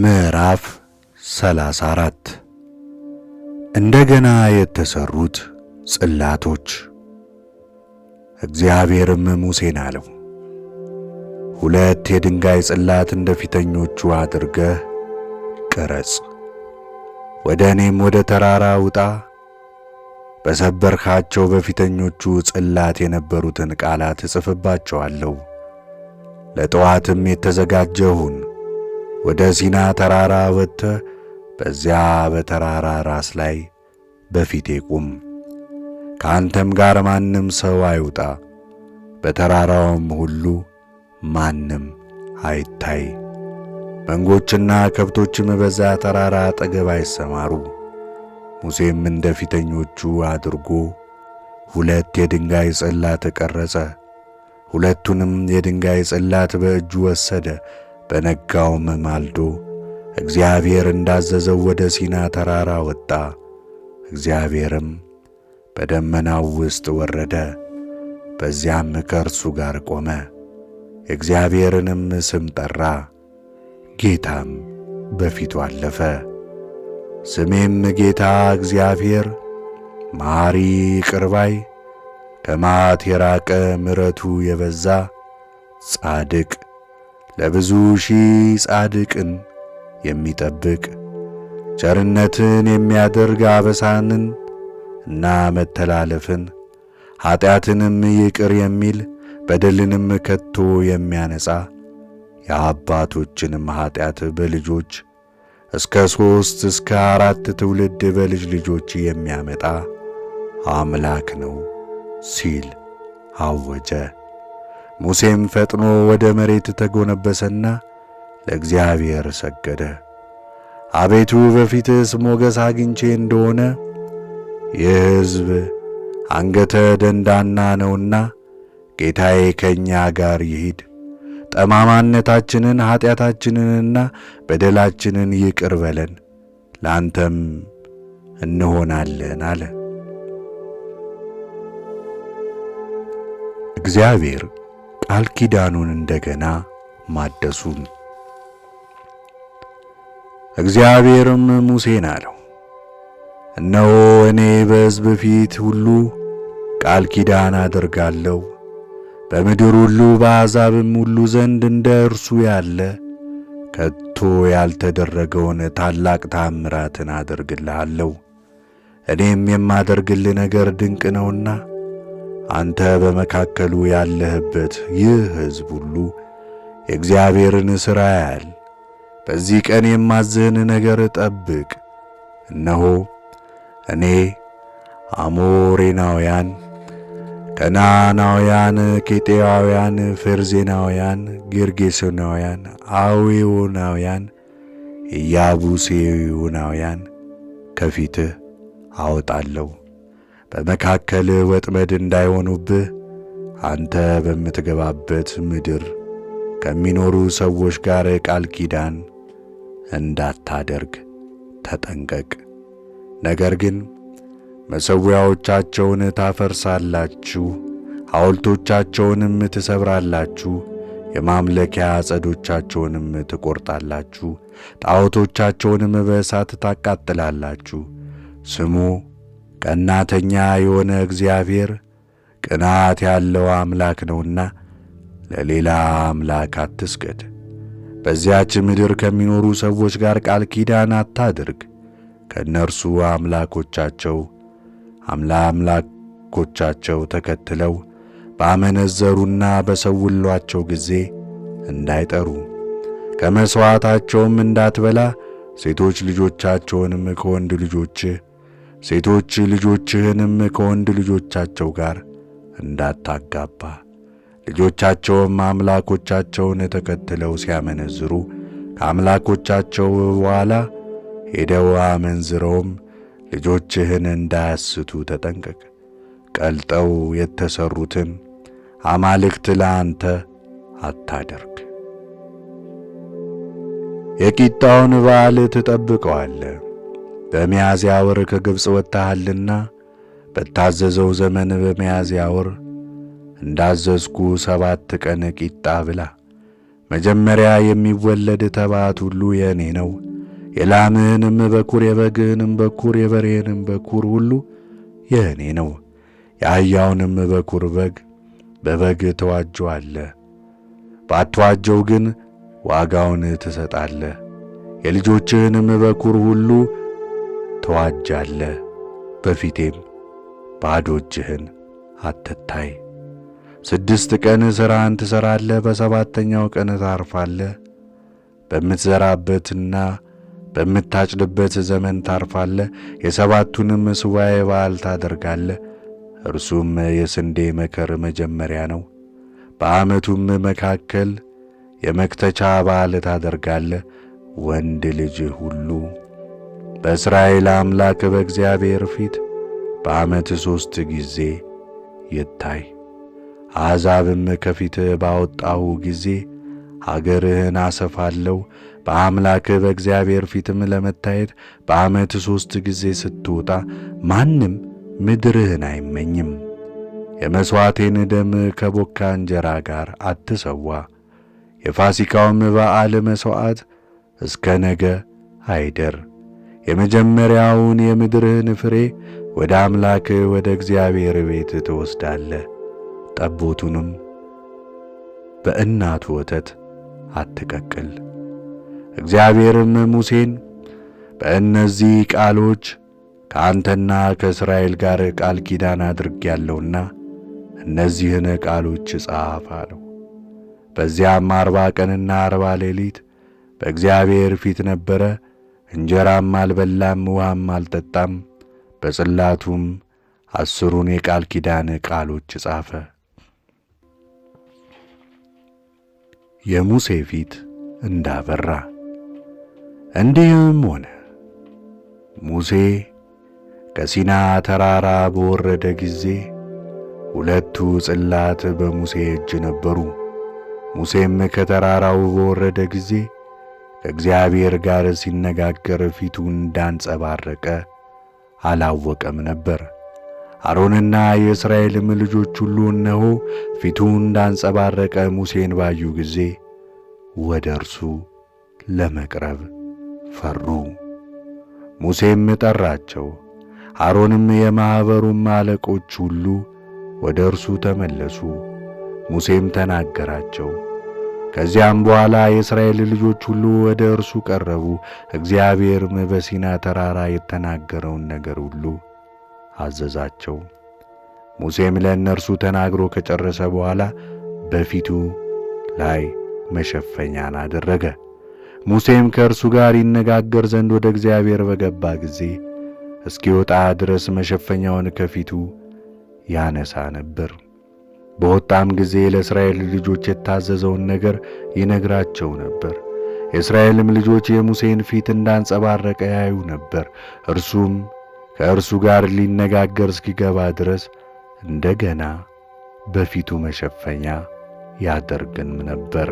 ምዕራፍ 34 እንደገና የተሰሩት ጽላቶች። እግዚአብሔርም ሙሴን አለው፣ ሁለት የድንጋይ ጽላት እንደ ፊተኞቹ አድርገህ ቅረጽ፣ ወደ እኔም ወደ ተራራ ውጣ፣ በሰበርካቸው በፊተኞቹ ጽላት የነበሩትን ቃላት እጽፍባቸዋለሁ። ለጠዋትም የተዘጋጀ ሁን ወደ ሲና ተራራ ወጥተህ በዚያ በተራራ ራስ ላይ በፊቴ ቁም። ከአንተም ጋር ማንም ሰው አይውጣ፣ በተራራውም ሁሉ ማንም አይታይ። መንጎችና ከብቶችም በዛ ተራራ አጠገብ አይሰማሩ። ሙሴም እንደ ፊተኞቹ አድርጎ ሁለት የድንጋይ ጽላት ቀረጸ። ሁለቱንም የድንጋይ ጽላት በእጁ ወሰደ። በነጋውም ማልዶ እግዚአብሔር እንዳዘዘው ወደ ሲና ተራራ ወጣ። እግዚአብሔርም በደመናው ውስጥ ወረደ፣ በዚያም ከእርሱ ጋር ቆመ። የእግዚአብሔርንም ስም ጠራ፣ ጌታም በፊቱ አለፈ። ስሜም ጌታ እግዚአብሔር ማሪ ቅርባይ ከማት የራቀ ምረቱ የበዛ ጻድቅ ለብዙ ሺህ ጻድቅን የሚጠብቅ ቸርነትን የሚያደርግ አበሳንን እና መተላለፍን ኀጢአትንም ይቅር የሚል በደልንም ከቶ የሚያነጻ የአባቶችንም ኀጢአት በልጆች እስከ ሦስት እስከ አራት ትውልድ በልጅ ልጆች የሚያመጣ አምላክ ነው ሲል አወጀ። ሙሴም ፈጥኖ ወደ መሬት ተጎነበሰና ለእግዚአብሔር ሰገደ። አቤቱ በፊትስ ሞገስ አግኝቼ እንደሆነ ይህ ሕዝብ አንገተ ደንዳና ነውና ጌታዬ ከእኛ ጋር ይሂድ፣ ጠማማነታችንን ኀጢአታችንንና በደላችንን ይቅር በለን፣ ለአንተም እንሆናለን አለ። እግዚአብሔር ቃል ኪዳኑን እንደገና ማደሱ። እግዚአብሔርም ሙሴን አለው፣ እነሆ እኔ በሕዝብ ፊት ሁሉ ቃል ኪዳን አደርጋለሁ፣ በምድር ሁሉ በአሕዛብም ሁሉ ዘንድ እንደ እርሱ ያለ ከቶ ያልተደረገውን ታላቅ ታምራትን አደርግልሃለሁ። እኔም የማደርግልህ ነገር ድንቅ ነውና አንተ በመካከሉ ያለህበት ይህ ሕዝብ ሁሉ የእግዚአብሔርን ሥራ ያያል። በዚህ ቀን የማዝህን ነገር ጠብቅ። እነሆ እኔ አሞሬናውያን፣ ከናናውያን፣ ኬጤያውያን፣ ፌርዜናውያን፣ ጌርጌሶናውያን፣ አዌዎናውያን፣ ኢያቡሴዮናውያን ከፊትህ አወጣለሁ። በመካከል ወጥመድ እንዳይሆኑብህ አንተ በምትገባበት ምድር ከሚኖሩ ሰዎች ጋር ቃል ኪዳን እንዳታደርግ ተጠንቀቅ። ነገር ግን መሠዊያዎቻቸውን ታፈርሳላችሁ፣ ሐውልቶቻቸውንም ትሰብራላችሁ፣ የማምለኪያ አጸዶቻቸውንም ትቈርጣላችሁ፣ ጣዖቶቻቸውንም በእሳት ታቃጥላላችሁ። ስሙ ቀናተኛ የሆነ እግዚአብሔር ቅናት ያለው አምላክ ነውና ለሌላ አምላክ አትስገድ። በዚያች ምድር ከሚኖሩ ሰዎች ጋር ቃል ኪዳን አታድርግ። ከእነርሱ አምላኮቻቸው አምላኮቻቸው ተከትለው ባመነዘሩና በሰውሏቸው ጊዜ እንዳይጠሩ ከመሥዋዕታቸውም እንዳትበላ ሴቶች ልጆቻቸውንም ከወንድ ልጆች ሴቶች ልጆችህንም ከወንድ ልጆቻቸው ጋር እንዳታጋባ፣ ልጆቻቸውም አምላኮቻቸውን ተከትለው ሲያመነዝሩ ከአምላኮቻቸው በኋላ ሄደው አመንዝረውም ልጆችህን እንዳያስቱ ተጠንቀቅ። ቀልጠው የተሠሩትን አማልክት ለአንተ አታደርግ። የቂጣውን በዓል ትጠብቀዋለህ። በሚያዝያ ወር ከግብፅ ወጥተሃልና በታዘዘው ዘመን በሚያዝያ ወር እንዳዘዝኩ ሰባት ቀን ቂጣ ብላ። መጀመሪያ የሚወለድ ተባት ሁሉ የእኔ ነው። የላምህንም በኩር የበግህንም በኩር የበሬህንም በኩር ሁሉ የእኔ ነው። የአህያውንም በኩር በግ በበግ ተዋጀዋለህ። ባትዋጀው ግን ዋጋውን ትሰጣለህ። የልጆችህንም በኩር ሁሉ ተዋጃለህ፣ በፊቴም ባዶ እጅህን አትታይ። ስድስት ቀን ሥራህን ትሠራለህ፣ በሰባተኛው ቀን ታርፋለህ። በምትዘራበትና በምታጭድበት ዘመን ታርፋለህ። የሰባቱንም ስዋዬ በዓል ታደርጋለህ። እርሱም የስንዴ መከር መጀመሪያ ነው። በዓመቱም መካከል የመክተቻ በዓል ታደርጋለህ። ወንድ ልጅ ሁሉ በእስራኤል አምላክ በእግዚአብሔር ፊት በዓመት ሦስት ጊዜ ይታይ። አሕዛብም ከፊት ባወጣሁ ጊዜ አገርህን አሰፋለሁ። በአምላክ በእግዚአብሔር ፊትም ለመታየት በዓመት ሦስት ጊዜ ስትወጣ ማንም ምድርህን አይመኝም። የመሥዋዕቴን ደም ከቦካ እንጀራ ጋር አትሰዋ። የፋሲካውም በዓል መሥዋዕት እስከ ነገ አይደር። የመጀመሪያውን የምድርህን ፍሬ ወደ አምላክህ ወደ እግዚአብሔር ቤት ትወስዳለህ። ጠቦቱንም በእናቱ ወተት አትቀቅል። እግዚአብሔርም ሙሴን በእነዚህ ቃሎች ከአንተና ከእስራኤል ጋር ቃል ኪዳን ያለውና እነዚህን ቃሎች ጻፍ አለው። በዚያም አርባ ቀንና አርባ ሌሊት በእግዚአብሔር ፊት ነበረ። እንጀራም አልበላም፣ ውሃም አልጠጣም። በጽላቱም አስሩን የቃል ኪዳን ቃሎች ጻፈ። የሙሴ ፊት እንዳበራ እንዲህም ሆነ። ሙሴ ከሲና ተራራ በወረደ ጊዜ ሁለቱ ጽላት በሙሴ እጅ ነበሩ። ሙሴም ከተራራው በወረደ ጊዜ ከእግዚአብሔር ጋር ሲነጋገር ፊቱ እንዳንጸባረቀ አላወቀም ነበር። አሮንና የእስራኤልም ልጆች ሁሉ እነሆ ፊቱ እንዳንጸባረቀ ሙሴን ባዩ ጊዜ ወደ እርሱ ለመቅረብ ፈሩ። ሙሴም ጠራቸው። አሮንም የማኅበሩም አለቆች ሁሉ ወደ እርሱ ተመለሱ። ሙሴም ተናገራቸው ከዚያም በኋላ የእስራኤል ልጆች ሁሉ ወደ እርሱ ቀረቡ። እግዚአብሔርም በሲና ተራራ የተናገረውን ነገር ሁሉ አዘዛቸው። ሙሴም ለእነርሱ ተናግሮ ከጨረሰ በኋላ በፊቱ ላይ መሸፈኛን አደረገ። ሙሴም ከእርሱ ጋር ይነጋገር ዘንድ ወደ እግዚአብሔር በገባ ጊዜ እስኪወጣ ድረስ መሸፈኛውን ከፊቱ ያነሳ ነበር። በወጣም ጊዜ ለእስራኤል ልጆች የታዘዘውን ነገር ይነግራቸው ነበር። የእስራኤልም ልጆች የሙሴን ፊት እንዳንጸባረቀ ያዩ ነበር። እርሱም ከእርሱ ጋር ሊነጋገር እስኪገባ ድረስ እንደገና በፊቱ መሸፈኛ ያደርግም ነበር።